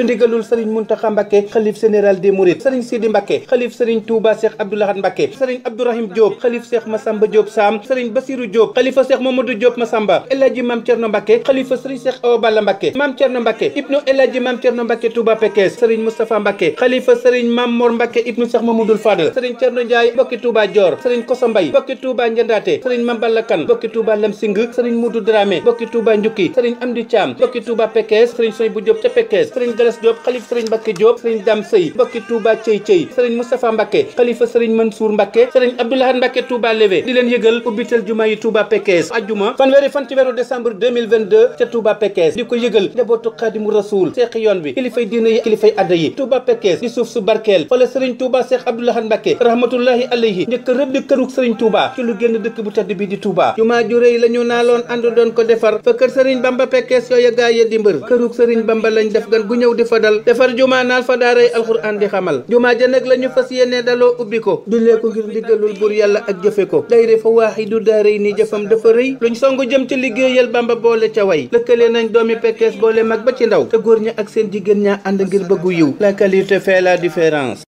ci ndigalul serigne Muntaxa mbake Khalif general des Mourides serigne Sidi mbake Sering Tuba Touba Cheikh Abdoulahat Sering serigne Abdourahim Diop khalif Cheikh Massamba Diop Sam Sering Basiru Diop khalifa Cheikh Mamadou Diop Massamba eladji mam tierno mbake khalifa serigne Cheikh Awa Balla Mbàkke Mame Thierno ibnu eladji mam tierno mbake Touba Pekes serigne mustapha mbake khalifa serigne mam Mor mbake ibnu Cheikh Mamadou Fadal serigne tierno ndjay bokki Touba Dior serigne Koso Mbay bokki Touba Njandaate sëriñ Mamballa Kan bokki Touba sing serigne Moudou Dramé bokki Touba Njuki serigne Amdi Tuba bokki Touba Pekes serigne Soy bu Diop ca Pekes serigne Khalif Diop Khalifa Serigne Mbakke Diop Serigne Dam Sey mbokki Touba Cey Cey sering Moustapha Mbakke Khalifa Serigne Mansour Mbakke Serigne Abdoulahan Mbakke Touba Lewe di leen yëgal ubbital juma yi Touba Pekes ajuma fanweeri fan ci weeru décembre 2022 ci Touba Pekes diko ko yëgal Khadim Rasoul Cheikh seex yoon bi kilifay diina yi kilifay adda yi Touba Pekes di suuf su fa la Serigne Touba Cheikh Abdoulahan rahmatullahi alayhi nek rëbb di këruk sëriñ Touba ci lu genn dekk bu tedd bi di Touba Juma ju reey lañu naaloon andu don ko defar fa keur Serigne Bamba Pekes yooya gaay ya Keruk sering Serigne Bamba lañ def gan bu ñew di fa dal defar juma naal fa daaray alxuraan di xamal juma ja nag la ñu fas yéene daloo ubbi ko dullee ko ngir ndigalul buur yàlla ak jëfe ko dayre fa waaxidu daaray ni jëfam dafa rëy luñ songu jëm ci liggéeyal bamba boole ca way lëkkale nañ doomi pekkees boole mag ba ci ndaw te góor ña ak seen jigéen ñaa ànd ngir bëggu yiw la qualité la différence